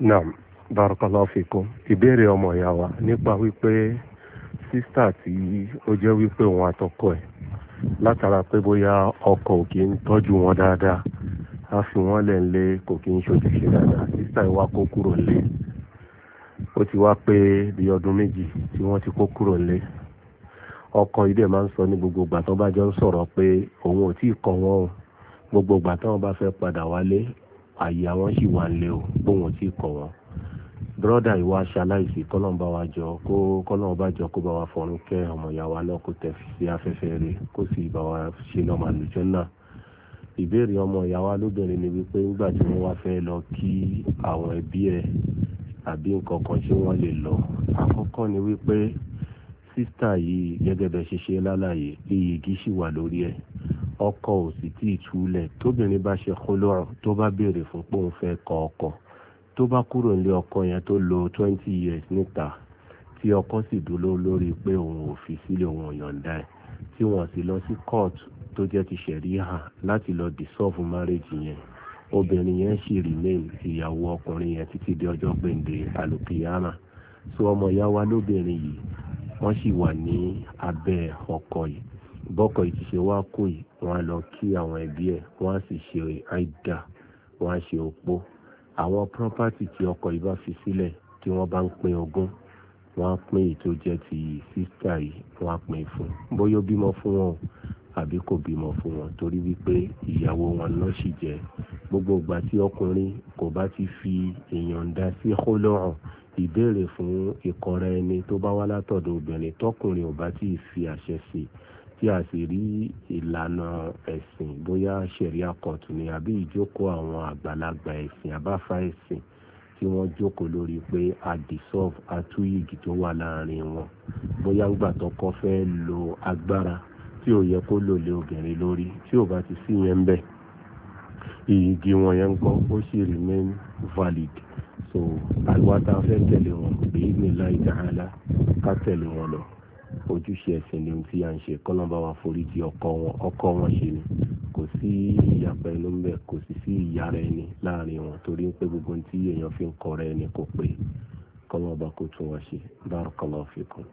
NAM BARAKALA FIKO ìbéèrè ọmọ ìyá wa nípa wípé sísítà tí ó jẹ́ wípé òun àtọkọ ẹ̀ látara pé bóyá ọkọ ò kí ń tọ́jú wọn dáadáa a fi wọ́n lẹ̀ lé kò kí ń ṣojúṣe dáadáa sísítà ìwà kó kúrò lé ó ti wá pé bí ọdún méjì tí wọ́n ti kó kúrò lé ọkọ yìí dẹ̀ máa ń sọ ní gbogbo ìgbà bá jọ ń sọ̀rọ̀ pé òun ò tí ì kọ́ wọn o gbogbo ìgbà bá fẹ́ padà wálé àyè àwọn sì wà nílé o bóun sì kọ̀ wọ́n broda ìwà aṣaláìsí kọ́lọ́mbà wa jọ kó jọ kó bá wa fọ̀run kẹ́ ọmọ ìyá wa náà kó tẹ̀ sí afẹ́fẹ́ rẹ̀ kó sì bá wa ṣe lọ́mọ àlùjọ náà ìbéèrè ọmọ ìyá wa lóbìnrin ni wípé nígbà tí wọ́n wá lọ kí àwọn ẹbí àbí nǹkan kan lè ni wípé sísítà yìí gẹ́gẹ́ bẹ́ẹ̀ ṣe ṣe lálàyé igi sì ọkọ ò sì tí ì túlẹ̀ tóbìnrin bá ṣe kólọ́rọ̀ tó bá béèrè fún pé òun fẹ́ kọ ọkọ tó bá kúrò nílé ọkọ yẹn tó lo twenty years níta tí ọkọ sì dúró lórí pé òun ò fi sílẹ̀ òun ò yọ̀ǹda ẹ̀ tí wọ́n sì lọ sí court tó jẹ́ ti ṣẹ̀ríà láti lọ dissolve marriage yẹn obìnrin yẹn sì remain ìyàwó ọkùnrin yẹn títí di ọjọ́ gbèǹde alùpìyàmà so ọmọ ìyá wa lóbìnrin yìí wọ́n sì wà ní abẹ́ ọkọ yìí bọ́kọ̀ yìí ti ṣe wá kó yìí wọ́n á lọ kí àwọn ẹbí ẹ̀ wọ́n á sì ṣe àìdá wọ́n á ṣe òpó àwọn pírọ́pátì tí ọkọ yìí bá fi sílẹ̀ tí wọ́n bá ń pín ogún wọ́n á pín èyí tó jẹ́ ti sísítà yìí wọ́n á pín fún bóyá ó bímọ fún wọn àbí kò bímọ fún wọn torí wípé ìyàwó wọn náà sì jẹ gbogbo ìgbà tí ọkùnrin kò bá ti fi ìyọ̀ǹda sí kólọ́rùn ìbéèrè fún ìkọ̀ra ẹni tó bá wá látọ̀dọ̀ obìnrin tọkùnrin ò bá ti fi àṣẹ sí tí a sì rí ìlànà ẹ̀sìn bóyá ṣẹ̀ríà kọ̀tù ni àbí ìjókòó àwọn àgbàlagbà ẹ̀sìn àbáfà ẹ̀sìn tí wọ́n jókòó lórí pé a dissolve atúyìgì tó wà láàrin wọn bóyá ńgbà tọkọ fẹ́ lo agbára tí ò yẹ kó lò lé obìnrin lórí tí ò bá ti sí yẹn ń bẹ̀ ìyìgì wọn yẹn ń kọ́ ó sì remain valid so àwa tá a fẹ́ tẹ̀lé wọn bí ní láì dáhàlá ká tẹ̀lé wọn lọ. ojúṣe ẹ̀sìn ni ohun tí a ń ṣe kọ́lọ́mbà wa forí di ọkọ wọn ọkọ wọn ṣe ni kò sí ìyàpẹ́ inú ń bẹ kò sì sí ìyára ẹni láàrin wọn torí pé gbogbo ohun tí èèyàn fi ń kọ́ rẹ ni kò pé kọ́lọ́mbà kò tún wọn ṣe barakallahu fikum.